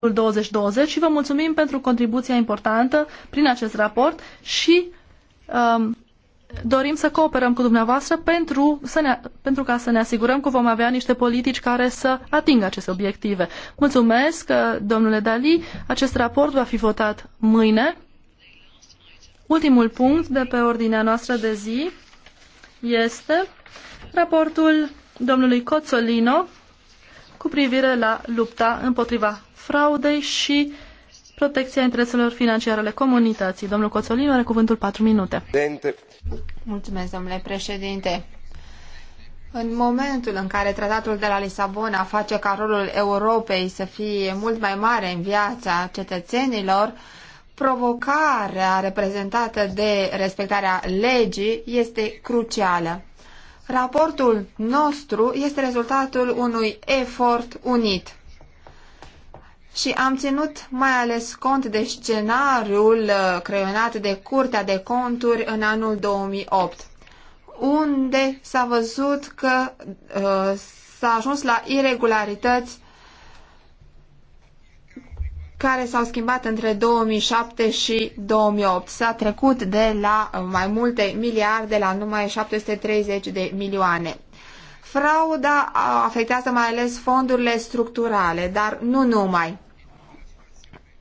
2020 și vă mulțumim pentru contribuția importantă prin acest raport și um, dorim să cooperăm cu dumneavoastră pentru, să ne, pentru ca să ne asigurăm că vom avea niște politici care să atingă aceste obiective. Mulțumesc, uh, domnule Dali. Acest raport va fi votat mâine. Ultimul punct de pe ordinea noastră de zi este raportul domnului Cozzolino cu privire la lupta împotriva fraudei și protecția intereselor financiare ale comunității. Domnul Coțolino are cuvântul 4 minute. Mulțumesc, domnule președinte. În momentul în care tratatul de la Lisabona face ca rolul Europei să fie mult mai mare în viața cetățenilor, provocarea reprezentată de respectarea legii este crucială. Raportul nostru este rezultatul unui efort unit. Și am ținut mai ales cont de scenariul uh, creionat de Curtea de Conturi în anul 2008, unde s-a văzut că uh, s-a ajuns la irregularități care s-au schimbat între 2007 și 2008. S-a trecut de la uh, mai multe miliarde la numai 730 de milioane. Frauda uh, afectează mai ales fondurile structurale, dar nu numai.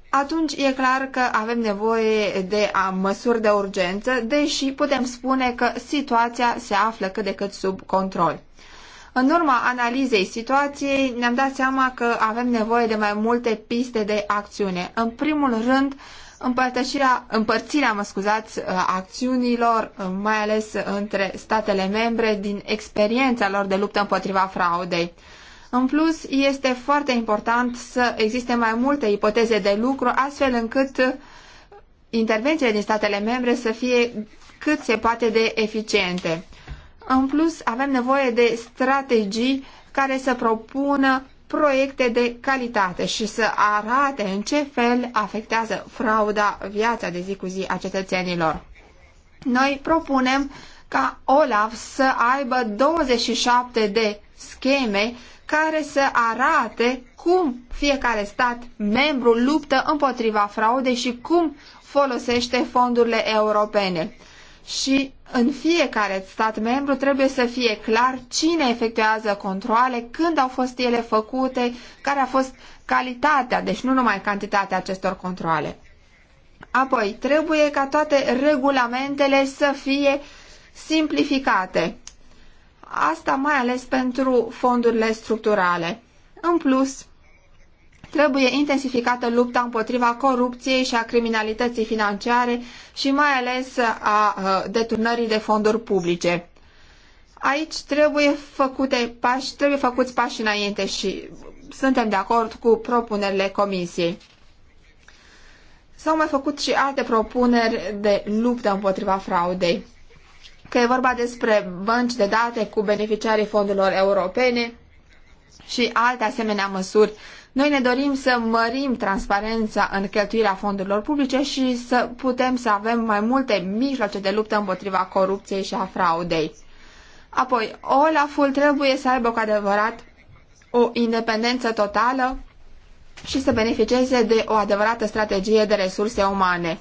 Atunci e clar că avem nevoie de uh, măsuri de urgență, deși putem spune că situația se află cât de cât sub control. În urma analizei situației ne-am dat seama că avem nevoie de mai multe piste de acțiune. În primul rând, împărtășirea, împărțirea, mă scuzați, acțiunilor, mai ales între statele membre, din experiența lor de luptă împotriva fraudei. În plus, este foarte important să existe mai multe ipoteze de lucru, astfel încât intervențiile din statele membre să fie cât se poate de eficiente. În plus, avem nevoie de strategii care să propună proiecte de calitate și să arate în ce fel afectează frauda viața de zi cu zi a cetățenilor. Noi propunem ca Olaf să aibă 27 de scheme care să arate cum fiecare stat membru luptă împotriva fraudei și cum folosește fondurile europene și în fiecare stat membru trebuie să fie clar cine efectuează controle, când au fost ele făcute, care a fost calitatea, deci nu numai cantitatea acestor controle. Apoi, trebuie ca toate regulamentele să fie simplificate. Asta mai ales pentru fondurile structurale. În plus, Trebuie intensificată lupta împotriva corupției și a criminalității financiare și mai ales a deturnării de fonduri publice. Aici trebuie, făcute pași, trebuie făcuți pași înainte și suntem de acord cu propunerile Comisiei. S-au mai făcut și alte propuneri de luptă împotriva fraudei, că e vorba despre bănci de date cu beneficiarii fondurilor europene și alte asemenea măsuri noi ne dorim să mărim transparența în cheltuirea fondurilor publice și să putem să avem mai multe mijloace de luptă împotriva corupției și a fraudei. Apoi, Olaful trebuie să aibă cu adevărat o independență totală și să beneficieze de o adevărată strategie de resurse umane.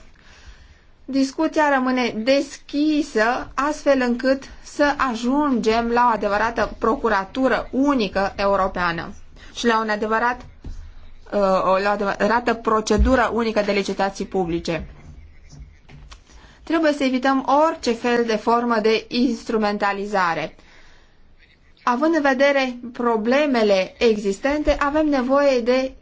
Discuția rămâne deschisă astfel încât să ajungem la o adevărată procuratură unică europeană și la un adevărat uh, o adevărată procedură unică de licitații publice. Trebuie să evităm orice fel de formă de instrumentalizare. Având în vedere problemele existente, avem nevoie de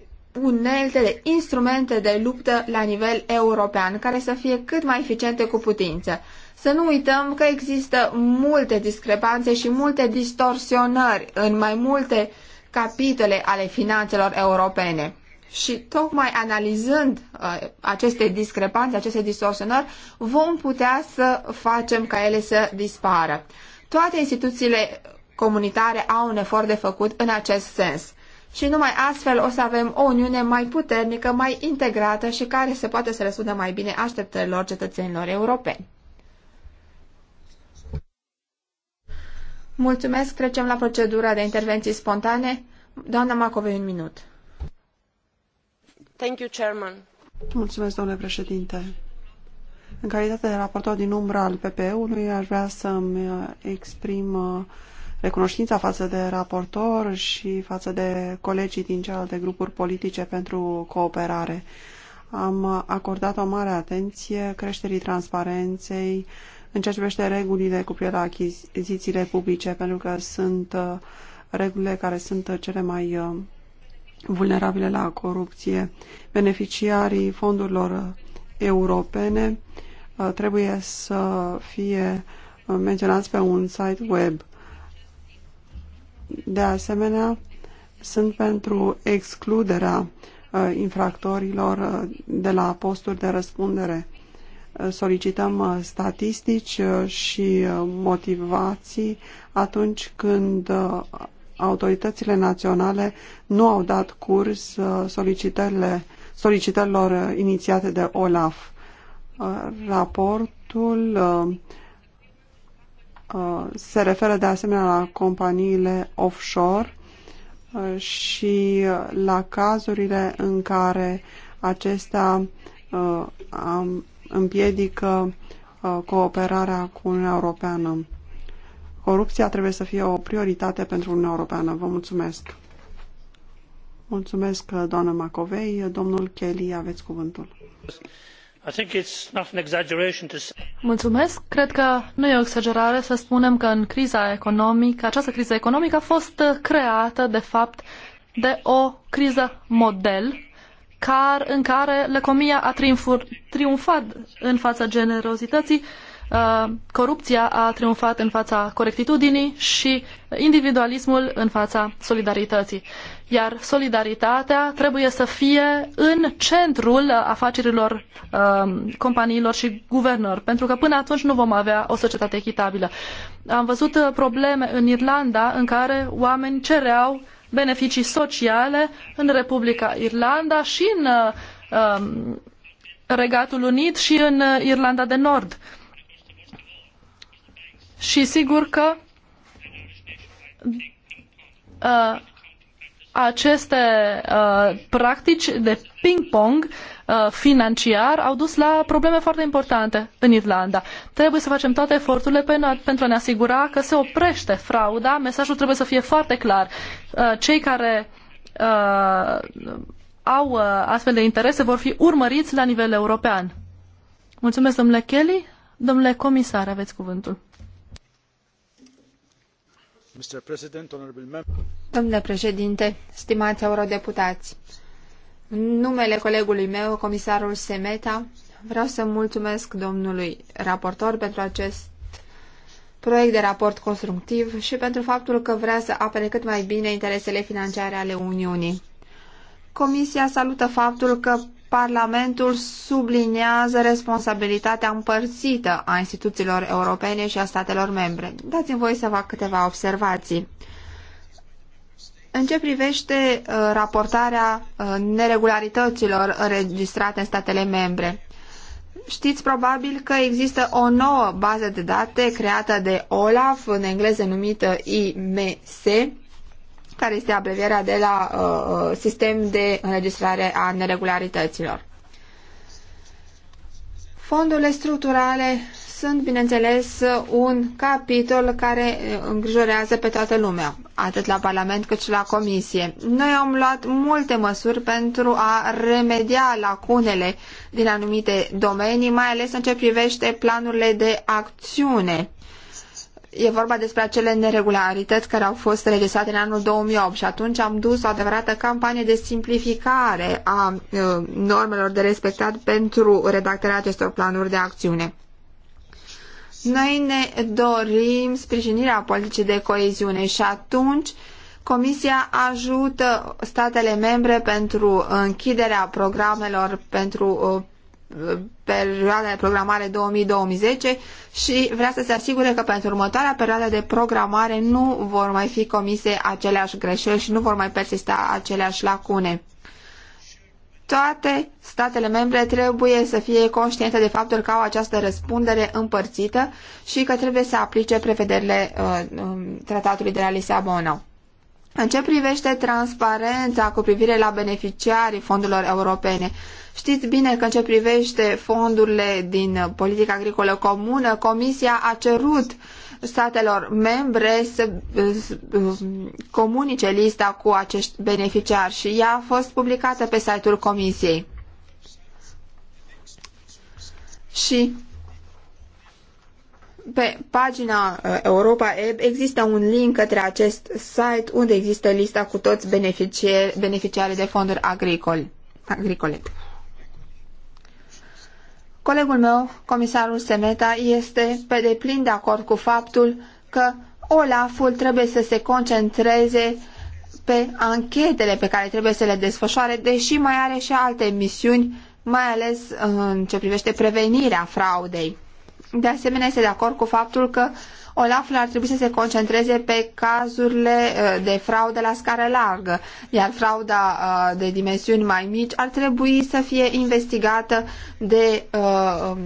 unelte, de instrumente de luptă la nivel european, care să fie cât mai eficiente cu putință. Să nu uităm că există multe discrepanțe și multe distorsionări în mai multe capitole ale finanțelor europene. Și tocmai analizând uh, aceste discrepanțe, aceste distorsionări, vom putea să facem ca ele să dispară. Toate instituțiile comunitare au un efort de făcut în acest sens. Și numai astfel o să avem o Uniune mai puternică, mai integrată și care se poate să răspundă mai bine așteptărilor cetățenilor europeni. Mulțumesc. Trecem la procedura de intervenții spontane. Doamna Macovei, un minut. Thank you, Chairman. Mulțumesc, domnule președinte. În calitate de raportor din umbra al PPE-ului, aș vrea să-mi uh, exprim uh, recunoștința față de raportor și față de colegii din celelalte grupuri politice pentru cooperare. Am acordat o mare atenție creșterii transparenței, în ceea ce privește regulile cu privire la achizițiile publice, pentru că sunt uh, regulile care sunt uh, cele mai uh, vulnerabile la corupție. Beneficiarii fondurilor europene trebuie să fie menționați pe un site web. De asemenea, sunt pentru excluderea infractorilor de la posturi de răspundere solicităm uh, statistici uh, și uh, motivații atunci când autoritățile naționale nu au dat curs solicitărilor inițiate de OLAF. Raportul se referă de asemenea la companiile offshore și la cazurile în care acestea împiedică uh, cooperarea cu Uniunea Europeană. Corupția trebuie să fie o prioritate pentru Uniunea Europeană. Vă mulțumesc. Mulțumesc, uh, doamnă Macovei. Domnul Kelly, aveți cuvântul. Mulțumesc. Cred că nu e o exagerare să spunem că în criza economică, această criză economică a fost uh, creată, de fapt, de o criză model car, în care lăcomia a triumfat în fața generozității, uh, corupția a triumfat în fața corectitudinii și individualismul în fața solidarității. Iar solidaritatea trebuie să fie în centrul afacerilor uh, companiilor și guvernelor, pentru că până atunci nu vom avea o societate echitabilă. Am văzut uh, probleme în Irlanda în care oameni cereau beneficii sociale în Republica Irlanda și în um, Regatul Unit și în Irlanda de Nord. Și sigur că uh, aceste uh, practici de ping-pong uh, financiar au dus la probleme foarte importante în Irlanda. Trebuie să facem toate eforturile pentru a ne asigura că se oprește frauda. Mesajul trebuie să fie foarte clar. Uh, cei care uh, au uh, astfel de interese vor fi urmăriți la nivel european. Mulțumesc, domnule Kelly. Domnule comisar, aveți cuvântul. Domnule președinte, stimați eurodeputați, în numele colegului meu, comisarul Semeta, vreau să mulțumesc domnului raportor pentru acest proiect de raport constructiv și pentru faptul că vrea să apere cât mai bine interesele financiare ale Uniunii. Comisia salută faptul că Parlamentul subliniază responsabilitatea împărțită a instituțiilor europene și a statelor membre. Dați-mi voi să fac câteva observații. În ce privește uh, raportarea uh, neregularităților înregistrate în statele membre? Știți probabil că există o nouă bază de date creată de OLAF, în engleză numită IMS, care este abrevierea de la uh, uh, sistem de înregistrare a neregularităților. Fondurile structurale sunt, bineînțeles, un capitol care uh, îngrijorează pe toată lumea, atât la Parlament cât și la Comisie. Noi am luat multe măsuri pentru a remedia lacunele din anumite domenii, mai ales în ce privește planurile de acțiune e vorba despre acele neregularități care au fost registrate în anul 2008 și atunci am dus o adevărată campanie de simplificare a uh, normelor de respectat pentru redactarea acestor planuri de acțiune. Noi ne dorim sprijinirea politicii de coeziune și atunci Comisia ajută statele membre pentru închiderea programelor pentru uh, perioada de programare 2000-2010 și vrea să se asigure că pentru următoarea perioadă de programare nu vor mai fi comise aceleași greșeli și nu vor mai persista aceleași lacune. Toate statele membre trebuie să fie conștiente de faptul că au această răspundere împărțită și că trebuie să aplice prevederile uh, um, tratatului de la Lisabona. În ce privește transparența cu privire la beneficiarii fondurilor europene, știți bine că în ce privește fondurile din politica agricolă comună, Comisia a cerut statelor membre să comunice lista cu acești beneficiari și ea a fost publicată pe site-ul Comisiei. Și pe pagina uh, Europa Eb există un link către acest site unde există lista cu toți beneficiarii de fonduri agricole. agricole. Colegul meu, comisarul Semeta, este pe deplin de acord cu faptul că Olaful trebuie să se concentreze pe anchetele pe care trebuie să le desfășoare, deși mai are și alte misiuni, mai ales uh, în ce privește prevenirea fraudei. De asemenea, este de acord cu faptul că Olaf ar trebui să se concentreze pe cazurile uh, de fraudă la scară largă, iar frauda uh, de dimensiuni mai mici ar trebui să fie investigată de uh, um,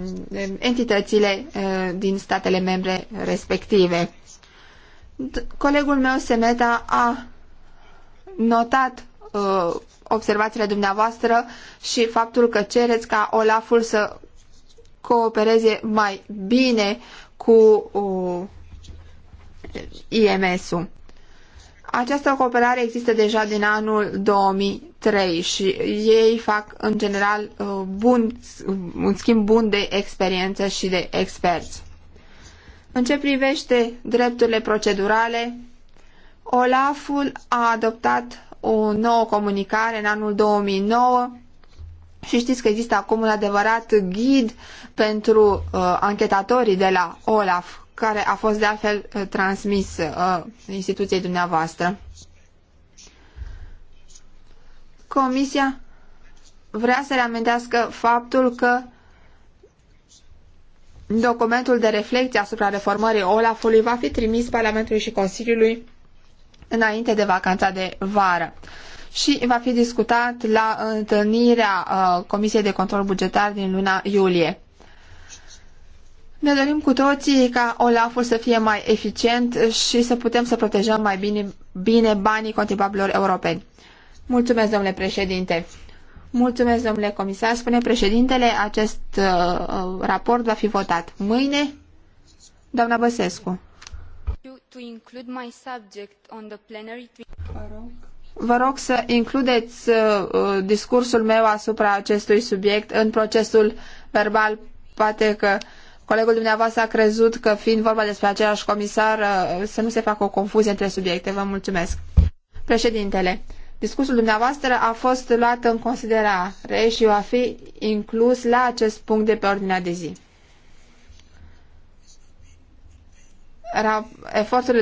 entitățile din statele membre respective. Colegul meu, Semeta, a notat observațiile dumneavoastră și faptul că cereți ca Olaful să coopereze mai bine cu uh, IMS-ul. Această cooperare există deja din anul 2003 și ei fac în general uh, bun, uh, un schimb bun de experiență și de experți. În ce privește drepturile procedurale, Olaful a adoptat o nouă comunicare în anul 2009 și știți că există acum un adevărat ghid pentru uh, anchetatorii de la OLAF, care a fost de altfel uh, transmis uh, instituției dumneavoastră. Comisia vrea să reamintească faptul că documentul de reflecție asupra reformării Olafului va fi trimis Parlamentului și Consiliului înainte de vacanța de vară și va fi discutat la întâlnirea uh, Comisiei de Control Bugetar din luna iulie. Ne dorim cu toții ca Olaful să fie mai eficient și să putem să protejăm mai bine, bine banii contribuabililor europeni. Mulțumesc, domnule președinte. Mulțumesc, domnule comisar. Spune președintele, acest uh, uh raport va fi votat mâine. Doamna Băsescu. To include my subject on the plenary... Vă rog să includeți uh, uh, discursul meu asupra acestui subiect în procesul verbal. Poate că colegul dumneavoastră a crezut că fiind vorba despre același comisar uh, să nu se facă o confuzie între subiecte. Vă mulțumesc. Președintele, discursul dumneavoastră a fost luat în considerare și va fi inclus la acest punct de pe ordinea de zi. Eforturile